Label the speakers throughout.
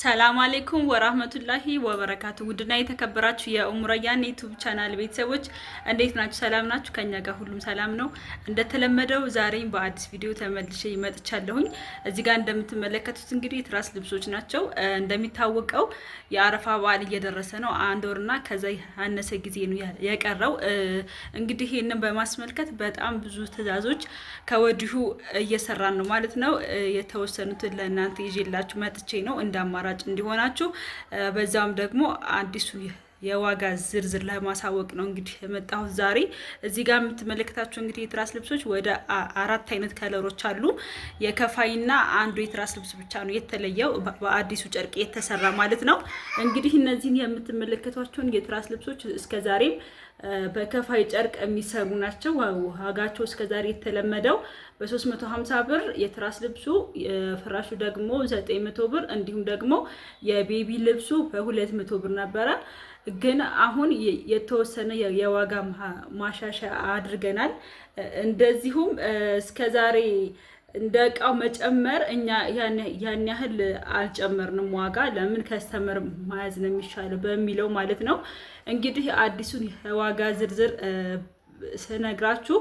Speaker 1: ሰላም አሌይኩም ወራህመቱላሂ ወበረካቱ። ውድና የተከበራችሁ የኡሙረያን ዩቱብ ቻናል ቤተሰቦች እንዴት ናችሁ? ሰላም ናችሁ? ከኛ ጋር ሁሉም ሰላም ነው። እንደተለመደው ዛሬም በአዲስ ቪዲዮ ተመልሼ ይመጥቻለሁኝ። እዚህ ጋር እንደምትመለከቱት እንግዲህ የትራስ ልብሶች ናቸው። እንደሚታወቀው የአረፋ በዓል እየደረሰ ነው። አንድ ወርና ከዛ ያነሰ ጊዜ ነው የቀረው። እንግዲህ ይህንን በማስመልከት በጣም ብዙ ትዕዛዞች ከወዲሁ እየሰራን ነው ማለት ነው። የተወሰኑትን ለእናንተ ይዤላችሁ መጥቼ ነው እንዳማ አማራጭ እንዲሆናችሁ በዛም ደግሞ አዲሱ የዋጋ ዝርዝር ለማሳወቅ ነው እንግዲህ የመጣሁት ዛሬ። እዚህ ጋር የምትመለከታቸው እንግዲህ የትራስ ልብሶች ወደ አራት አይነት ከለሮች አሉ። የከፋይና አንዱ የትራስ ልብስ ብቻ ነው የተለየው በአዲሱ ጨርቅ የተሰራ ማለት ነው። እንግዲህ እነዚህን የምትመለከቷቸውን የትራስ ልብሶች እስከ ዛሬም በከፋይ ጨርቅ የሚሰሩ ናቸው። ዋጋቸው እስከዛሬ የተለመደው በ350 ብር የትራስ ልብሱ ፍራሹ ደግሞ 900 ብር እንዲሁም ደግሞ የቤቢ ልብሱ በ200 ብር ነበረ። ግን አሁን የተወሰነ የዋጋ ማሻሻያ አድርገናል። እንደዚሁም እስከዛሬ እንደ እቃው መጨመር እኛ ያን ያህል አልጨመርንም ዋጋ። ለምን ከስተመር መያዝ ነው የሚሻለው በሚለው ማለት ነው። እንግዲህ አዲሱን የዋጋ ዝርዝር ስነግራችሁ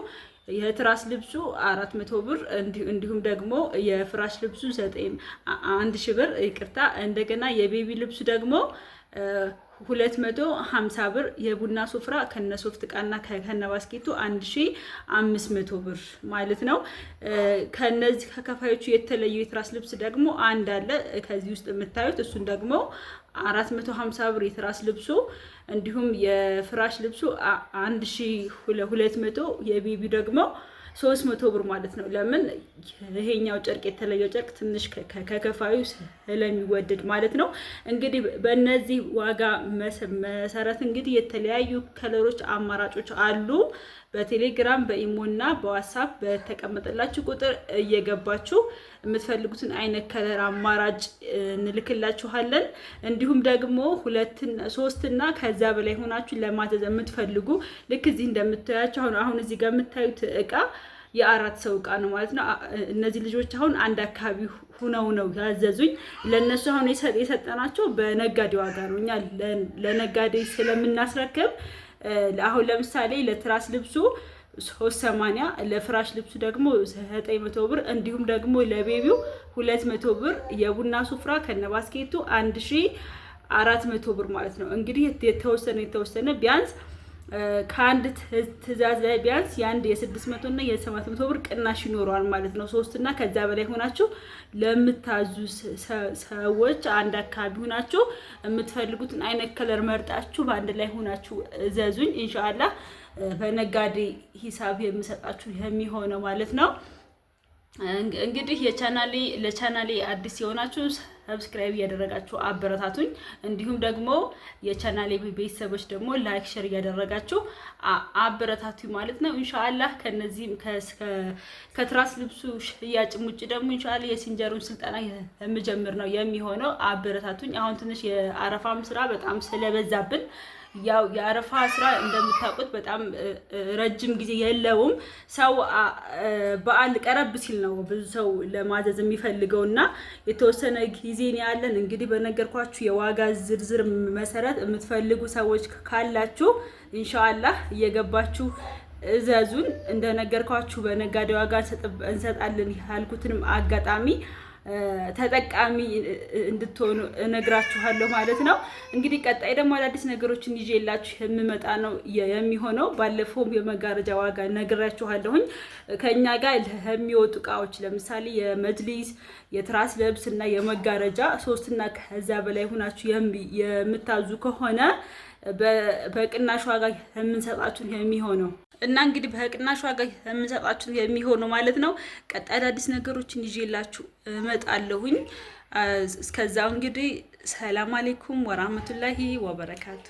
Speaker 1: የትራስ ልብሱ አራት መቶ ብር እንዲሁም ደግሞ የፍራሽ ልብሱ ዘጠኝ አንድ ሺ ብር ይቅርታ። እንደገና የቤቢ ልብሱ ደግሞ ሁለት መቶ ሀምሳ ብር የቡና ሱፍራ ከነ ሶፍት ቃና ከነ ባስኬቱ አንድ ሺ አምስት መቶ ብር ማለት ነው። ከነዚህ ከከፋዮቹ የተለየ የትራስ ልብስ ደግሞ አንድ አለ ከዚህ ውስጥ የምታዩት እሱን ደግሞ አራት መቶ ሀምሳ ብር የትራስ ልብሱ እንዲሁም የፍራሽ ልብሱ አንድ ሺ ሁለት መቶ የቤቢ ደግሞ ሶስት መቶ ብር ማለት ነው። ለምን ይሄኛው ጨርቅ የተለየው ጨርቅ ትንሽ ከከፋዩ ስለሚወደድ ማለት ነው። እንግዲህ በእነዚህ ዋጋ መሰረት እንግዲህ የተለያዩ ከለሮች አማራጮች አሉ። በቴሌግራም በኢሞና በዋትሳፕ በተቀመጠላችሁ ቁጥር እየገባችሁ የምትፈልጉትን አይነት ከለር አማራጭ እንልክላችኋለን። እንዲሁም ደግሞ ሶስት እና ከዛ በላይ ሆናችሁ ለማዘዝ የምትፈልጉ ልክ እዚህ እንደምታያቸው አሁን አሁን እዚህ ጋር የምታዩት እቃ የአራት ሰው እቃ ነው ማለት ነው። እነዚህ ልጆች አሁን አንድ አካባቢ ሁነው ነው ያዘዙኝ። ለእነሱ አሁን የሰጠናቸው በነጋዴ ዋጋ ነው። እኛ ለነጋዴ ስለምናስረክብ አሁን ለምሳሌ ለትራስ ልብሱ 380 ለፍራሽ ልብሱ ደግሞ 900 ብር እንዲሁም ደግሞ ለቤቢው 200 ብር የቡና ስፍራ ከነባስኬቱ 1400 ብር ማለት ነው። እንግዲህ የተወሰነ የተወሰነ ቢያንስ ከአንድ ትዕዛዝ ላይ ቢያንስ የአንድ የስድስት መቶ እና የሰባት መቶ ብር ቅናሽ ይኖረዋል ማለት ነው። ሶስት እና ከዛ በላይ ሆናችሁ ለምታዙ ሰዎች አንድ አካባቢ ሆናችሁ የምትፈልጉትን አይነት ከለር መርጣችሁ በአንድ ላይ ሆናችሁ እዘዙኝ። እንሻላ በነጋዴ ሂሳብ የምሰጣችሁ የሚሆነው ማለት ነው። እንግዲህ የቻናሌ ለቻናሌ አዲስ የሆናችሁ ሰብስክራይብ እያደረጋችሁ አበረታቱኝ። እንዲሁም ደግሞ የቻናሌ ቤተሰቦች ደግሞ ላይክ፣ ሼር እያደረጋችሁ አበረታቱኝ ማለት ነው። ኢንሻአላህ ከነዚህም ከትራስ ልብሱ ሽያጭም ውጭ ደግሞ ኢንሻአላህ የሲንጀሩን ስልጠና የምጀምር ነው የሚሆነው። አበረታቱኝ። አሁን ትንሽ የአረፋም ስራ በጣም ስለበዛብን ያው የአረፋ ስራ እንደምታውቁት በጣም ረጅም ጊዜ የለውም። ሰው በዓል ቀረብ ሲል ነው ብዙ ሰው ለማዘዝ የሚፈልገው እና የተወሰነ ጊዜን ያለን። እንግዲህ በነገርኳችሁ የዋጋ ዝርዝር መሰረት የምትፈልጉ ሰዎች ካላችሁ ኢንሻአላህ እየገባችሁ እዘዙን። እንደነገርኳችሁ በነጋዴ ዋጋ እንሰጣለን ያልኩትንም አጋጣሚ ተጠቃሚ እንድትሆኑ እነግራችኋለሁ ማለት ነው። እንግዲህ ቀጣይ ደግሞ አዳዲስ ነገሮችን ይዤላችሁ የምመጣ ነው የሚሆነው። ባለፈውም የመጋረጃ ዋጋ ነግራችኋለሁኝ። ከእኛ ጋር የሚወጡ እቃዎች ለምሳሌ የመጅሊስ የትራስ ልብስ እና የመጋረጃ ሶስትና ከዛ በላይ ሆናችሁ የምታዙ ከሆነ በቅናሽ ዋጋ የምንሰጣችሁ የሚሆነው እና እንግዲህ በቅናሽ ዋጋ የምንሰጣችሁ የሚሆነው ማለት ነው። ቀጣይ አዳዲስ ነገሮችን ይዤላችሁ እመጣለሁኝ። እስከዛው እንግዲህ ሰላም አሌይኩም ወራህመቱላሂ ወበረካቱ።